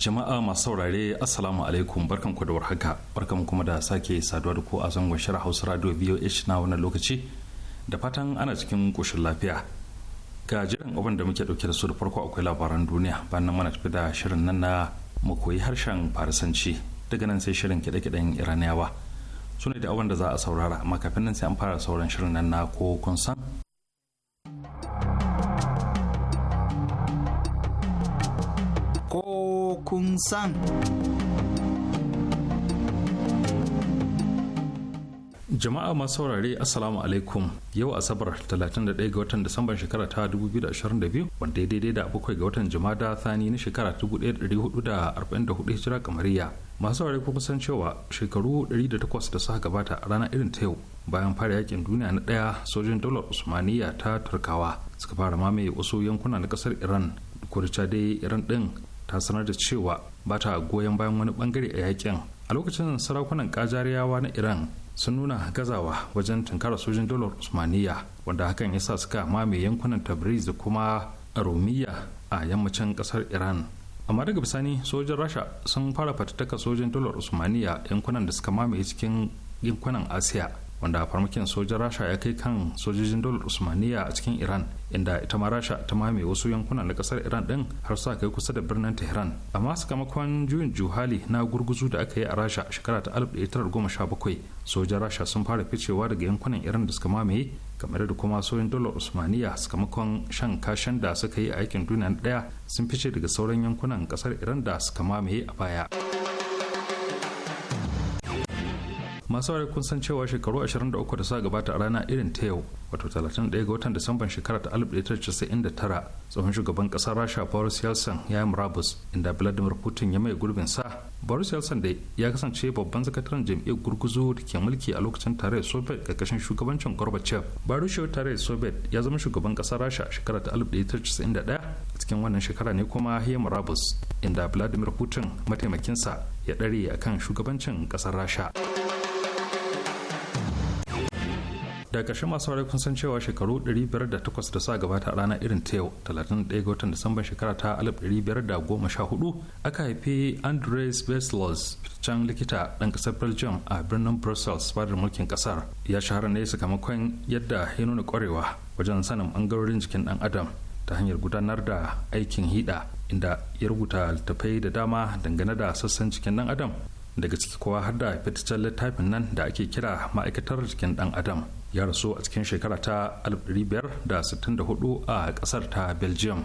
jama'a masu saurare assalamu alaikum barkan ku da warhaka barkan kuma da sake saduwa da ku a zangon shirin hausa radio voh na wannan lokaci da fatan ana cikin koshin lafiya ga jiran abin da muke dauke da su da farko akwai labaran duniya bayan nan muna tafi da shirin nan na mu koyi harshen farisanci daga nan sai shirin kiɗe-kiɗen iraniyawa su ne da abin da za a saurara amma kafin nan sai an fara sauran shirin nan na ko kun san san jama'a masu saurare assalamu alaikum yau asabar 31 ga watan disamban shekara ta 2022 wanda daidai da bakwai ga watan jumada thani na shekara 1444 hijira kamariya masu saurare kuma san cewa shekaru 108 da suka gabata a ranar irin ta yau bayan fara yakin duniya na daya sojin daular usmaniya ta turkawa suka fara mamaye wasu yankuna na kasar iran kurca dai iran din ta sanar da cewa ba ta goyon bayan wani bangare a yakin a lokacin sarakunan kajariyawa na iran sun nuna gazawa wajen tunkara sojin dolar usmaniya wanda hakan ya sa suka mame yankunan tabriz da kuma aromiya a yammacin kasar iran amma daga bisani sojin rasha sun fara fatattaka sojin dolar usmaniya yankunan da suka mamaye cikin yankunan asiya wanda farmakin sojin rasha ya kai kan sojojin dole usmaniya a cikin iran inda ita ma rasha ta mame wasu yankuna na kasar iran din har sa kai kusa da birnin tehran amma sakamakon juyin juhali na gurguzu da aka yi a rasha shekara ta 1917 sojin rasha sun fara ficewa daga yankunan iran da suka mamaye kamar da kuma sojin dole usmaniya sakamakon shan kashen da suka yi a aikin duniya daya sun fice daga sauran yankunan kasar iran da suka mamaye a baya. masu wari kun san cewa shekaru 23 da suka gabata a rana irin ta yau wato 31 ga watan disamban shekarar ta 1999 tsohon shugaban kasar rasha boris yeltsin ya yi murabus inda vladimir putin ya mai gurbin sa boris yeltsin dai ya kasance babban sakataren jam'iyyar gurguzu da ke mulki a lokacin tarayyar soviet karkashin shugabancin gorbachev barushewar tarayyar soviet ya zama shugaban kasar rasha shekarar ta 1991 a cikin wannan shekara ne kuma ya murabus inda vladimir putin mataimakinsa ya ɗare akan shugabancin kasar rasha. da ƙarshe masu wari kun san cewa shekaru 508 da sa gabata a ranar irin ta yau 31 ga watan disamban shekara ta 1514 aka haifi andres veslos can likita ɗan ƙasar belgium a birnin brussels fadar mulkin ƙasar ya shahara ne sakamakon yadda ya nuna ƙwarewa wajen sanin ɓangarorin jikin ɗan adam ta hanyar gudanar da aikin hida inda ya rubuta littattafai da dama dangane da sassan jikin dan adam daga ciki kowa har da fitaccen littafin nan da ake kira ma'aikatar jikin ɗan adam ya rasu a cikin shekara ta 1564 a kasar ta belgium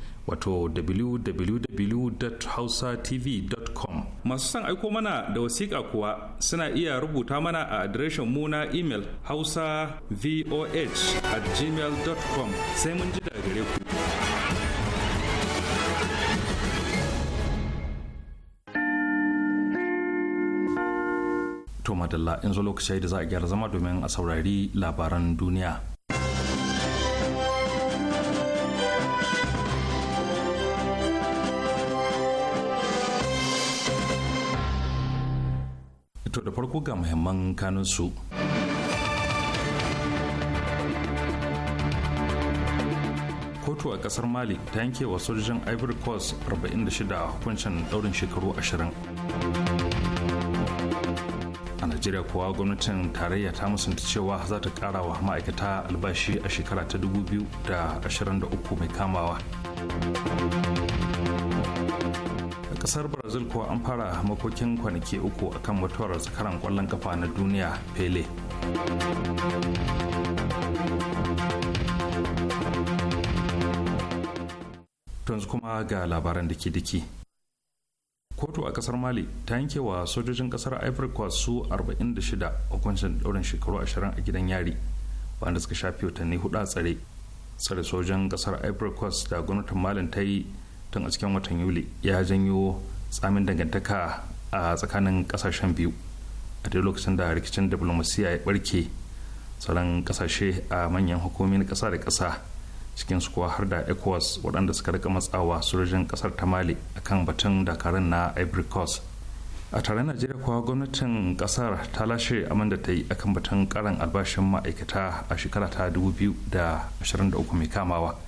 wato www.hausatv.com masu son aiko mana da wasiƙa kuwa suna iya rubuta mana a adireshin mu na imel hausa voh at gmail.com sai mun ji daga gare ku to madalla in zo lokaci da za a gyara zama domin a saurari labaran duniya To da farko ga muhimman kanun su. Kotu a kasar Mali ta yanke wa sojojin Ivory Coast 46 hukuncin daurin shekaru 20. A Najeriya kuwa gwamnatin tarayya ta musanta cewa za ta kara wa ma'aikata albashi a shekara ta 2023 mai kamawa. kasar brazil kuwa an fara makokin kwanaki uku akan mutuwar zakaran kwallon kafa na duniya pele yanzu kuma ga labaran da diki kotu a kasar mali ta yanke wa sojojin kasar ivory coast su 46 hukuncin daurin shekaru 20 a gidan yari wanda suka shafi watanni hudu a tsare tsare sojan kasar ivory coast da gwamnatin malin ta yi tun a cikin watan yuli ya janyo tsamin dangantaka a tsakanin kasashen biyu a duk lokacin da rikicin diplomasiya ya barke tsaron kasashe a manyan hukumomin kasa da kasa cikin su kuwa har da ecowas waɗanda suka rika matsawa sojojin kasar ta mali akan batun dakarun na ivory coast a taron najeriya kuwa gwamnatin kasar ta lashe aman da ta yi akan batun karan albashin ma'aikata a shekara ta 2023 mai kamawa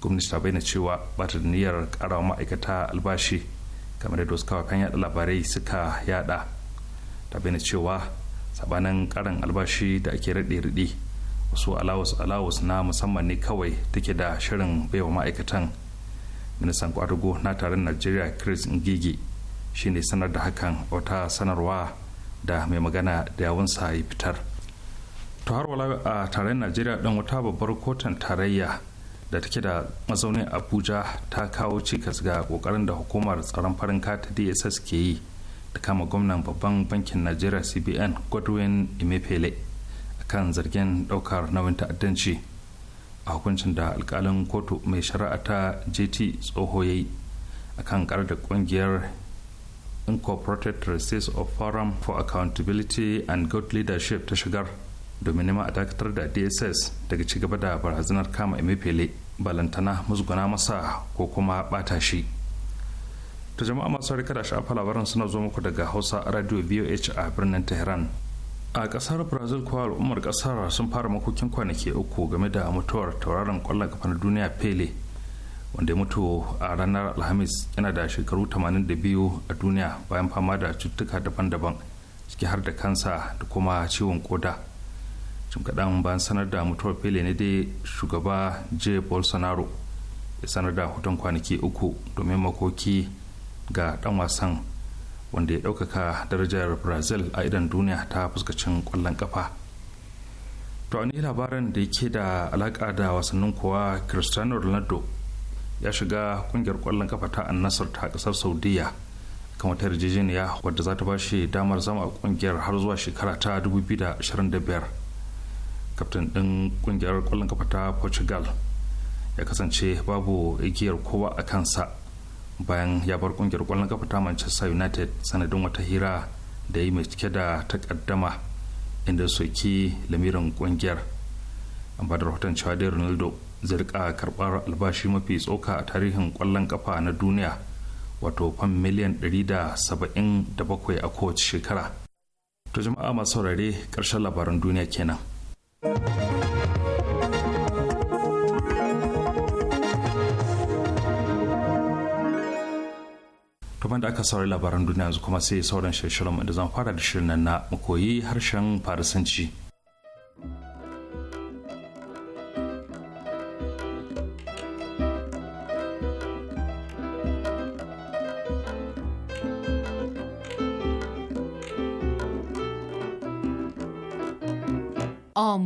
gwamnati ta bayyana cewa ba ta niyyar kara ma'aikata albashi kamar yadda wasu kawakan yada labarai suka yada ta bayyana cewa sabanin karin albashi da ake raɗe-raɗe wasu alawus-alawus na musamman ne kawai take da shirin baiwa ma'aikatan ministan kwadugo na taron najeriya chris ngigi shine sanar da hakan wata sanarwa da mai magana da yawunsa ya fitar to har wala a tarayyar najeriya don wata babbar kotun tarayya da take da mazaunin abuja ta kawo cikas ga kokarin da hukumar tsaron farin kata dss ke yi da kama gwamnan babban bankin najeriya cbn godwin a kan zargin daukar nauyin ta'addanci a hukuncin da alkalin kotu mai shari'a ta jt tsoho yayi akan karar da kungiyar incorporated trustees of forum for accountability and good leadership ta shigar domin nema a dakatar da dss daga cigaba da barazanar kama imefele balantana musguna masa ko kuma bata shi ta jama'a masu rika da shafa labaran suna zo muku daga hausa radio voh a birnin tehran a kasar brazil kuwa al'ummar kasar sun fara makokin kwanaki uku game da mutuwar tauraron kwallon kafa na duniya pele wanda ya mutu a ranar alhamis yana da shekaru 82 a duniya bayan fama da cutuka daban-daban ciki har da kansa da kuma ciwon koda jim kaɗan bayan sanar da mutuwar pele ne dai shugaba j bolsonaro ya sanar da hutun kwanaki uku domin makoki ga ɗan wasan wanda ya ɗaukaka darajar brazil a idan duniya ta fuskacin ƙwallon ƙafa to wani labarin da yake da alaƙa da wasannin kuwa cristiano ronaldo ya shiga ƙungiyar ƙwallon ƙafa ta annasar ta ƙasar saudiya kan wata yarjejeniya wadda za ta ba shi damar zama a ƙungiyar har zuwa shekara ta 2025 kaftin ɗin ƙungiyar ƙwallon kafa ta portugal ya kasance babu igiyar kowa a kansa bayan ya bar ƙungiyar ƙwallon kafa ta manchester united sanadin wata hira da yi mai cike da takaddama inda soki lamirin ƙungiyar an ba da rahoton cewa dai ronaldo zai rika karɓar albashi mafi tsoka a tarihin ƙwallon kafa na duniya wato fan miliyan 177 a kowace shekara to jama'a masu saurare ƙarshen labaran duniya kenan kamar da aka saurari labaran duniya yanzu kuma sai sauran shirin da zan fara da shirin nan na makoyi harshen farisanci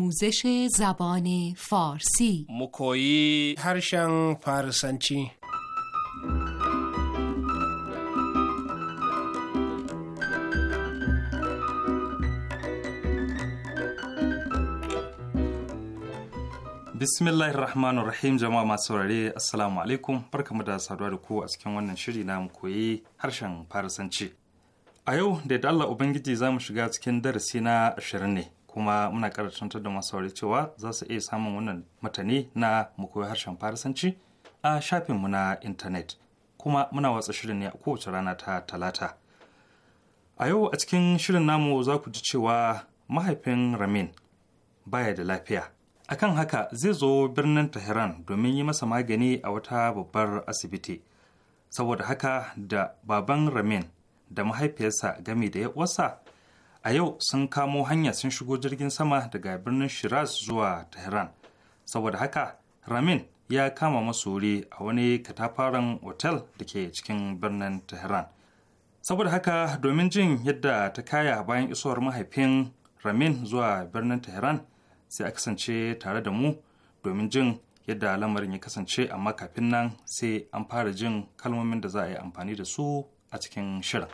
آموزش زبان فارسی مکویی هرشن فارسنچی bismillahir rahmanir rahim jama'a masu saurare assalamu alaikum barkamu da saduwa da ku a cikin wannan shiri na mu koyi harshen farisanci a yau da yadda allah ubangiji za mu shiga cikin darasi na ashirin ne kuma muna ƙara tantar da masu saurari cewa za su iya samun wannan matani na mu harshen farisanci a shafinmu na intanet kuma muna watsa shirin ne a kowace rana ta talata a yau a cikin shirin namu za ku ji cewa mahaifin ramin baya da lafiya akan haka zai zo birnin tehran domin yi masa magani a wata babbar asibiti saboda haka da baban ramin da mahaifiyarsa game da wasa. a yau sun kamo hanya sun shigo jirgin sama daga birnin shiraz zuwa tehran saboda haka ramin ya kama masu wuri a wani katafaren otel da ke cikin birnin tehran saboda haka domin jin yadda ta kaya bayan isowar mahaifin ramin zuwa birnin tehran sai a kasance tare da mu domin jin yadda lamarin ya kasance amma kafin nan sai an fara jin kalmomin da za a yi amfani da su a cikin shirin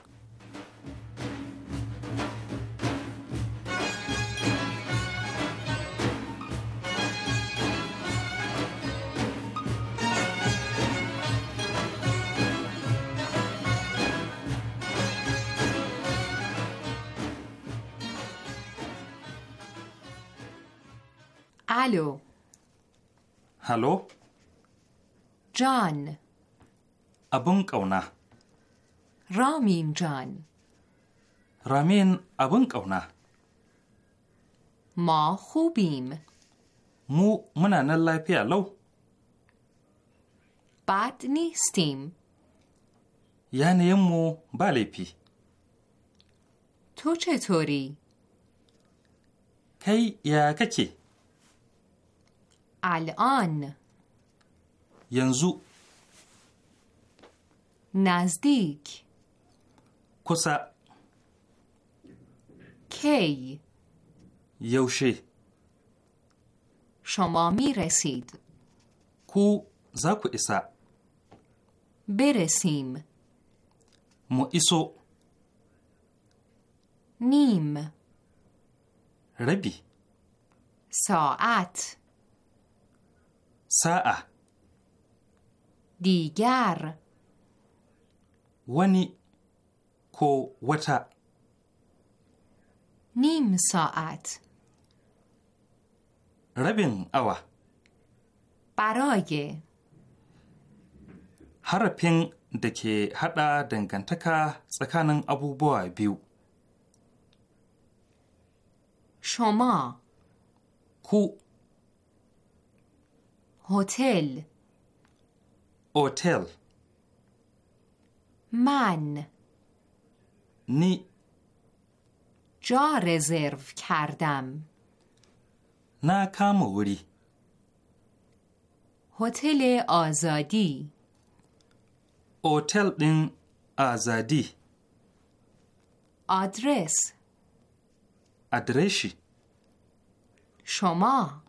Hallo. Hallo? John. Abun ƙauna. Ramin John. Ramin abin ƙauna. Ma hubim. Mu muna nan lafiya lau. Bat ni steam. mu ba laifi. To ce tori. Kai ya kake? الان ینزو نزدیک کسا کی یوشی شما می رسید کو زاکو ایسا برسیم مو ایسو نیم ربی ساعت sa'a digar Wani ko wata? nim sa'at rabin awa برای harafin da ke haɗa dangantaka tsakanin abubuwa biyu. Shoma Ku هتل هتل من نی جا رزرو کردم نه کاموری هتل آزادی هتل دین آزادی آدرس آدرشی، شما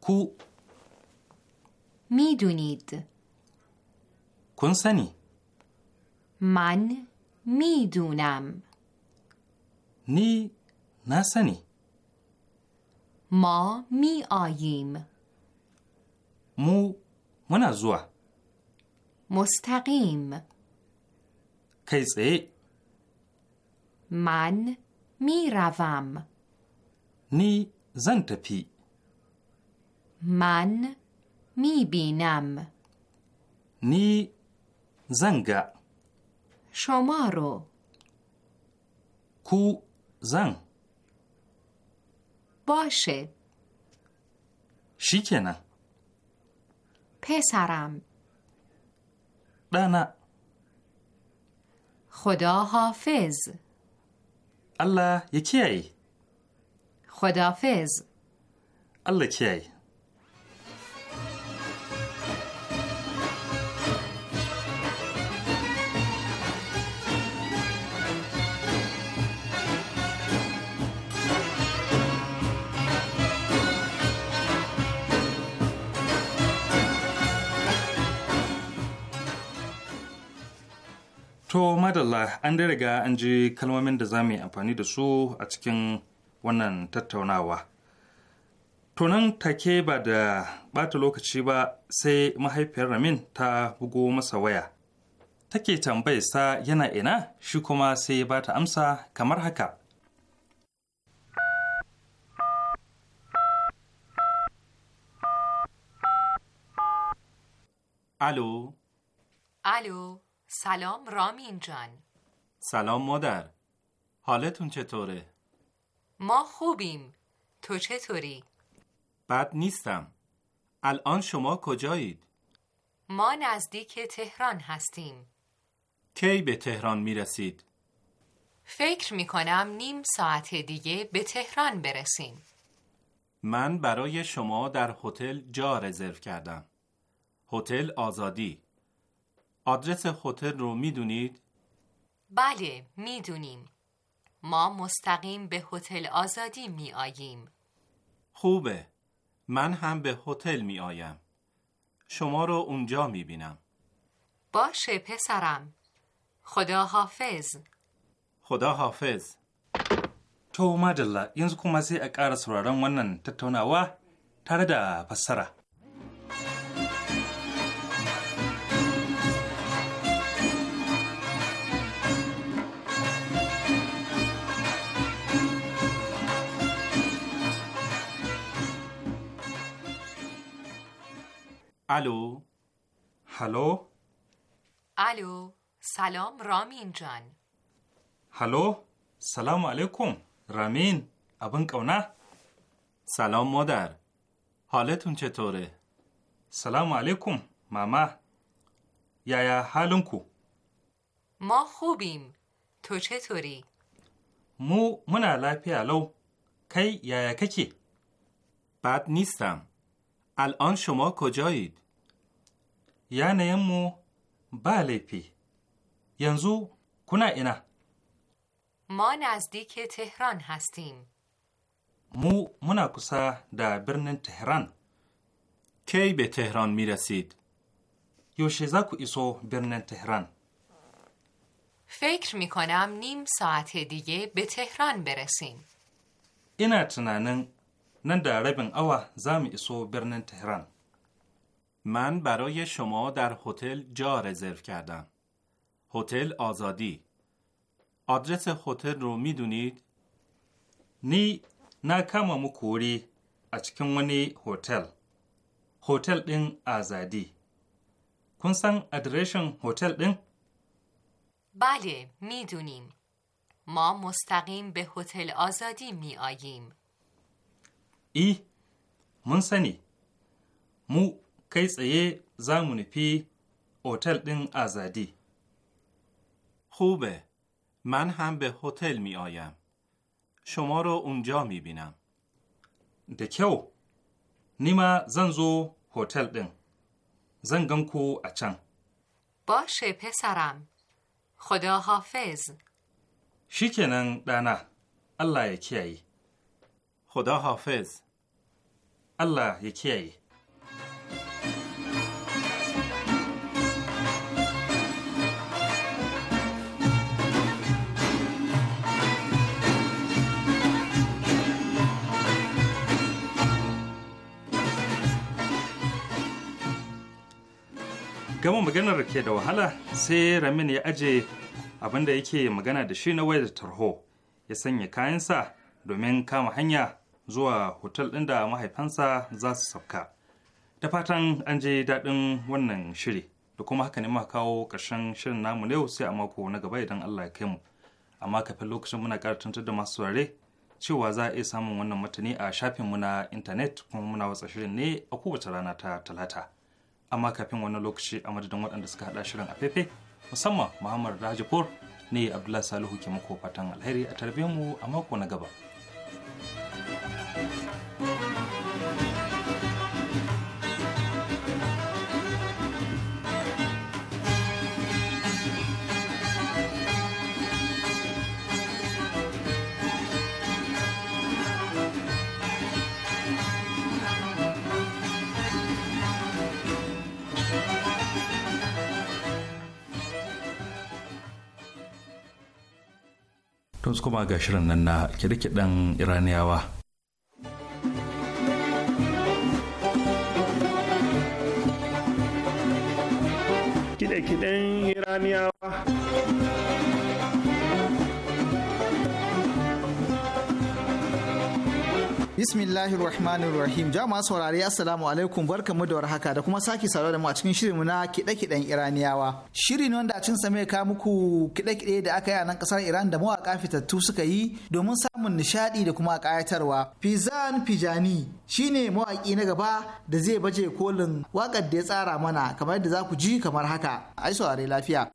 کو میدونید کنسنی من میدونم نی نسنی ما می آییم مو منزوع مستقیم کیسه من میروم نی زن تپی من می بینم نی زنگ شما رو کو زن باشه شیکنه پسرم بنا خدا حافظ الله یکی ای خدا حافظ الله کی To madalla an dai riga an ji kalmomin da za mu yi amfani da su a cikin wannan tattaunawa. Tunan take ba da ɓata lokaci ba sai mahaifiyar Ramin ta bugo masa waya. Take sa yana ina shi kuma sai ba ta amsa kamar haka. Alo. Alo. سلام رامین جان سلام مادر حالتون چطوره؟ ما خوبیم تو چطوری؟ بد نیستم الان شما کجایید؟ ما نزدیک تهران هستیم کی به تهران میرسید؟ فکر می کنم نیم ساعت دیگه به تهران برسیم من برای شما در هتل جا رزرو کردم هتل آزادی آدرس هتل رو میدونید؟ بله میدونیم ما مستقیم به هتل آزادی می آییم خوبه من هم به هتل می آیم شما رو اونجا می بینم باشه پسرم خدا حافظ خدا حافظ تو مدل. yanzu kuma ا اکار ƙara wannan tattaunawa tare da الو هلو الو سلام رامین جان هلو سلام علیکم رامین ابن کونه سلام مادر حالتون چطوره سلام علیکم ماما یا یا حالون ما خوبیم تو چطوری مو منا لافیا لو کی یا یا ککی بد نیستم الان شما کجایید؟ یعنی مو بله پی ینزو کنه اینه ما نزدیک تهران هستیم مو مناکسه در برن تهران کی به تهران می رسید؟ کو ایسو برن تهران فکر می کنم نیم ساعت دیگه به تهران برسیم اینا تنانن نن در ربن اوا زم ایسو برنن تهران من برای شما در هتل جا رزرو کردم هتل آزادی آدرس هتل رو میدونید نی ناکاما مکوری ونی هتل هتل دین آزادی کنسان ادرشن هتل دین بله میدونیم ما مستقیم به هتل آزادی می آییم. ی eh, من sani, مو kai tsaye za mu nufi خوبه من هم به هتل می شما رو اونجا می بینم دکیو نیما زنزو هتل دن زنگم کو اچن باشه پسرم خدا حافظ شیکنن دانه الله یکی خدا حافظ Allah ya kiyaye. gama maganar ke da wahala sai ramin ya aje abinda yake magana da shi na wayar tarho ya sanya kayansa domin kama hanya zuwa hotel ɗin da mahaifansa za su sauka. Da fatan an je daɗin wannan shiri da kuma haka ne muka kawo ƙarshen shirin namu na yau sai a mako na gaba idan Allah ya kai mu. Amma kafin lokacin muna ƙara tantar da masu saurare cewa za a iya samun wannan matani a shafin mu na intanet kuma muna watsa shirin ne a kowace rana ta talata. Amma kafin wannan lokaci a madadin waɗanda suka haɗa shirin a fefe musamman Muhammad Rajapur ne Abdullahi Salihu ke muku fatan alheri a tarbe mu a mako na gaba. tun su kuma ga shirin nan na kiɗe iraniyawa bismillahir rahmanir rahim jama'a saurare assalamu alaikum barkamu da warhaka da kuma sake saurare da mu a cikin shirinmu na kiɗe-kiɗen iraniyawa shiri ne wanda a cikin mai ka muku kiɗe-kiɗe da aka yi a nan kasar iran da mawaƙa fitattu suka yi domin samun nishadi da kuma kayatarwa. fizan fijani shine mawaki na gaba da zai baje kolin wakar da ya tsara mana kamar yadda za ku ji kamar haka ai saurare lafiya.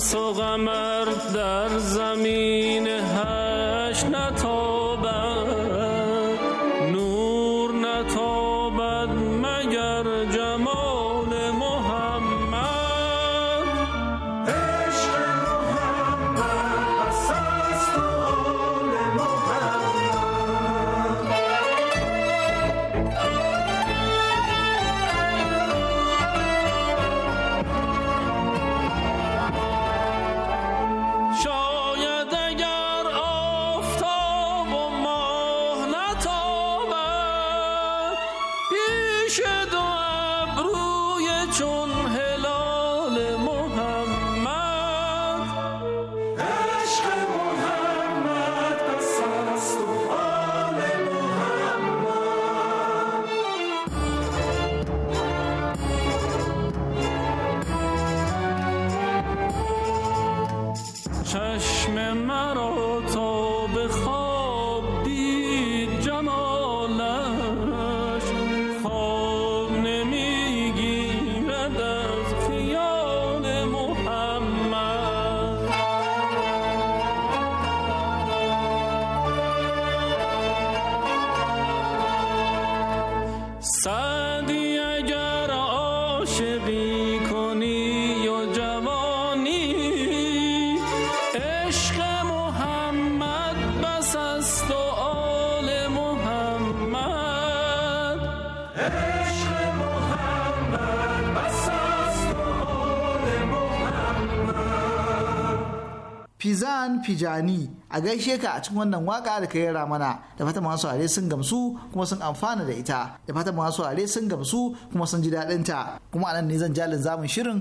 soğamırlar zaman 学的。است و a gaishe ka a cikin wannan waka da ka yara mana da fatan masu are sun gamsu kuma sun amfana da ita da fatan masu are sun gamsu kuma sun ji daɗinta kuma anan ne zan jalin zamun shirin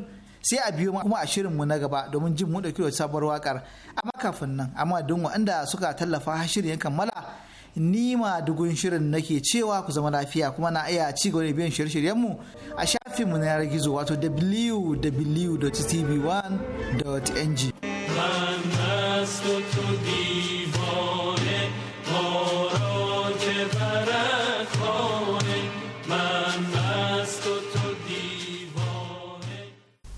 sai a biyo kuma a mu na gaba domin jin mu dauki sabuwar wakar amma kafin nan amma don waɗanda suka tallafa shirin ya kammala ni ma dugun shirin nake cewa ku zama lafiya kuma na iya ci gaba da biyan shirye mu a shafin mu na yanar gizo wato www.tv1.ng.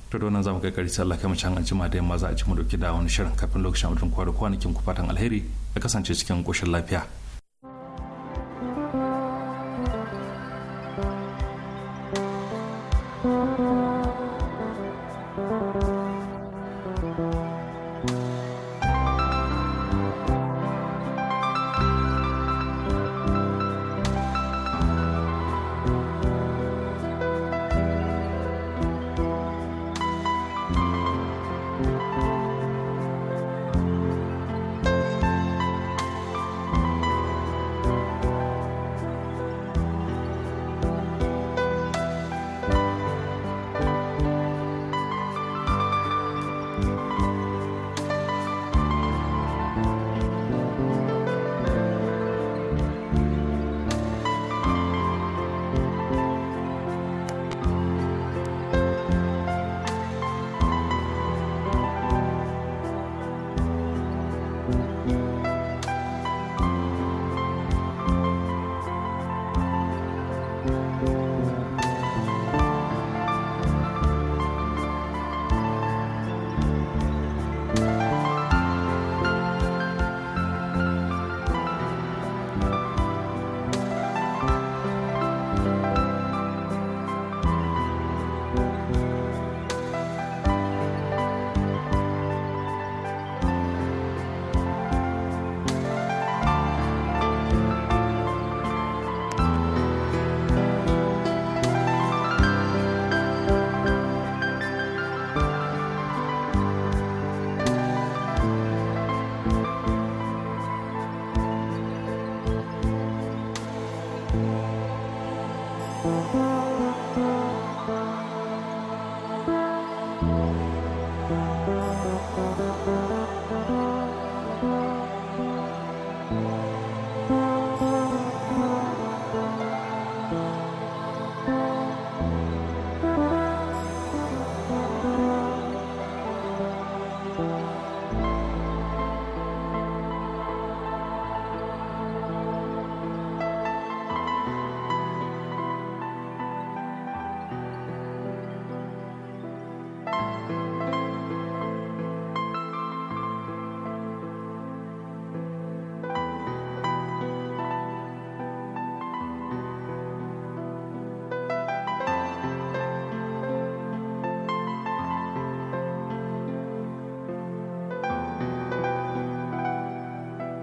to da wannan zamu kai kari sallah kai can an jima da yamma za a ci mu dauki da wani shirin kafin lokacin mutum kwa da kwanakin ku fatan alheri a kasance cikin koshin lafiya Thank you.